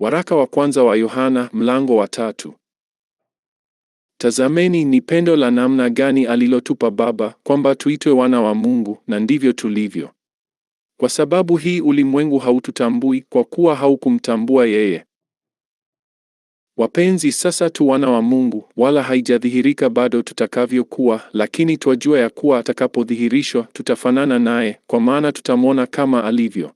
Waraka wa kwanza wa Yohana mlango wa tatu. Tazameni ni pendo la namna gani alilotupa Baba kwamba tuitwe wana wa Mungu, na ndivyo tulivyo. Kwa sababu hii ulimwengu haututambui kwa kuwa haukumtambua yeye. Wapenzi, sasa tu wana wa Mungu, wala haijadhihirika bado tutakavyokuwa, lakini twajua ya kuwa atakapodhihirishwa tutafanana naye, kwa maana tutamwona kama alivyo.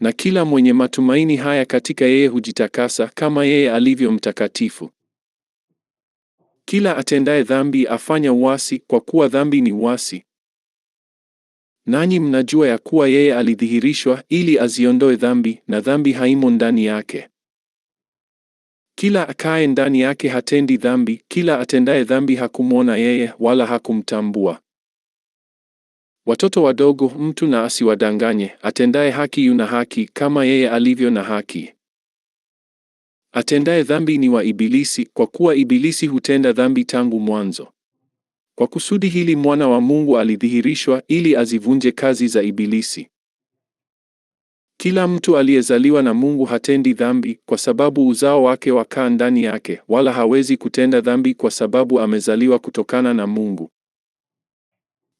Na kila mwenye matumaini haya katika yeye hujitakasa kama yeye alivyo mtakatifu. Kila atendaye dhambi afanya uasi, kwa kuwa dhambi ni uasi. Nanyi mnajua ya kuwa yeye alidhihirishwa ili aziondoe dhambi, na dhambi haimo ndani yake. Kila akaye ndani yake hatendi dhambi; kila atendaye dhambi hakumwona yeye, wala hakumtambua. Watoto wadogo, mtu na asiwadanganye; atendaye haki yuna haki, kama yeye alivyo na haki. Atendaye dhambi ni wa Ibilisi, kwa kuwa Ibilisi hutenda dhambi tangu mwanzo. Kwa kusudi hili Mwana wa Mungu alidhihirishwa, ili azivunje kazi za Ibilisi. Kila mtu aliyezaliwa na Mungu hatendi dhambi, kwa sababu uzao wake wakaa ndani yake, wala hawezi kutenda dhambi, kwa sababu amezaliwa kutokana na Mungu.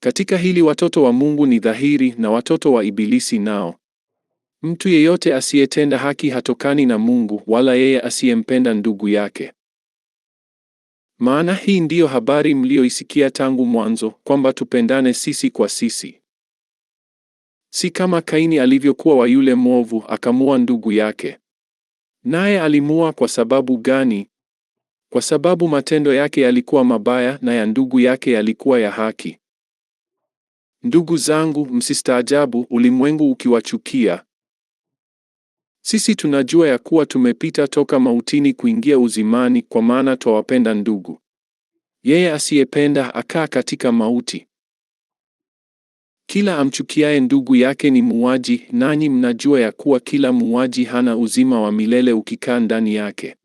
Katika hili watoto wa Mungu ni dhahiri na watoto wa Ibilisi nao. Mtu yeyote asiyetenda haki hatokani na Mungu, wala yeye asiyempenda ndugu yake. Maana hii ndiyo habari mliyoisikia tangu mwanzo, kwamba tupendane sisi kwa sisi, si kama Kaini alivyokuwa wa yule mwovu, akamua ndugu yake. Naye alimua kwa sababu gani? Kwa sababu matendo yake yalikuwa mabaya na ya ndugu yake yalikuwa ya haki. Ndugu zangu, msistaajabu ulimwengu ukiwachukia. Sisi tunajua ya kuwa tumepita toka mautini kuingia uzimani, kwa maana twawapenda ndugu. Yeye asiyependa akaa katika mauti. Kila amchukiaye ndugu yake ni muuaji, nanyi mnajua ya kuwa kila muuaji hana uzima wa milele ukikaa ndani yake.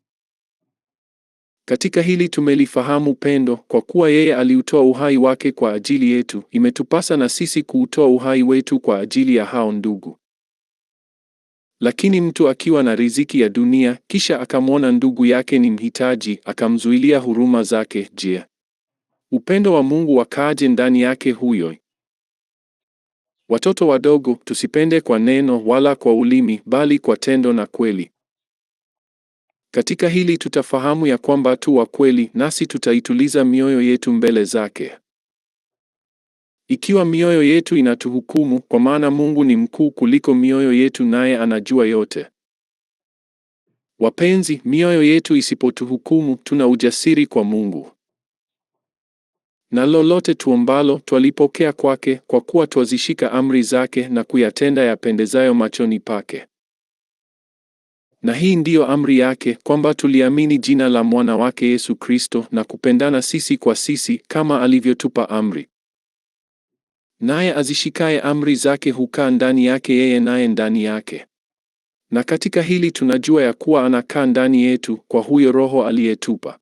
Katika hili tumelifahamu pendo, kwa kuwa yeye aliutoa uhai wake kwa ajili yetu, imetupasa na sisi kuutoa uhai wetu kwa ajili ya hao ndugu. Lakini mtu akiwa na riziki ya dunia, kisha akamwona ndugu yake ni mhitaji, akamzuilia huruma zake, je, upendo wa Mungu wakaaje ndani yake huyo? Watoto wadogo, tusipende kwa neno wala kwa ulimi, bali kwa tendo na kweli. Katika hili tutafahamu ya kwamba tu wa kweli, nasi tutaituliza mioyo yetu mbele zake. Ikiwa mioyo yetu inatuhukumu, kwa maana Mungu ni mkuu kuliko mioyo yetu, naye anajua yote. Wapenzi, mioyo yetu isipotuhukumu, tuna ujasiri kwa Mungu, na lolote tuombalo twalipokea kwake, kwa kuwa twazishika amri zake na kuyatenda yapendezayo machoni pake. Na hii ndiyo amri yake, kwamba tuliamini jina la mwana wake Yesu Kristo na kupendana sisi kwa sisi kama alivyotupa amri. Naye azishikaye amri zake hukaa ndani yake, yeye naye ndani yake. Na katika hili tunajua ya kuwa anakaa ndani yetu kwa huyo Roho aliyetupa.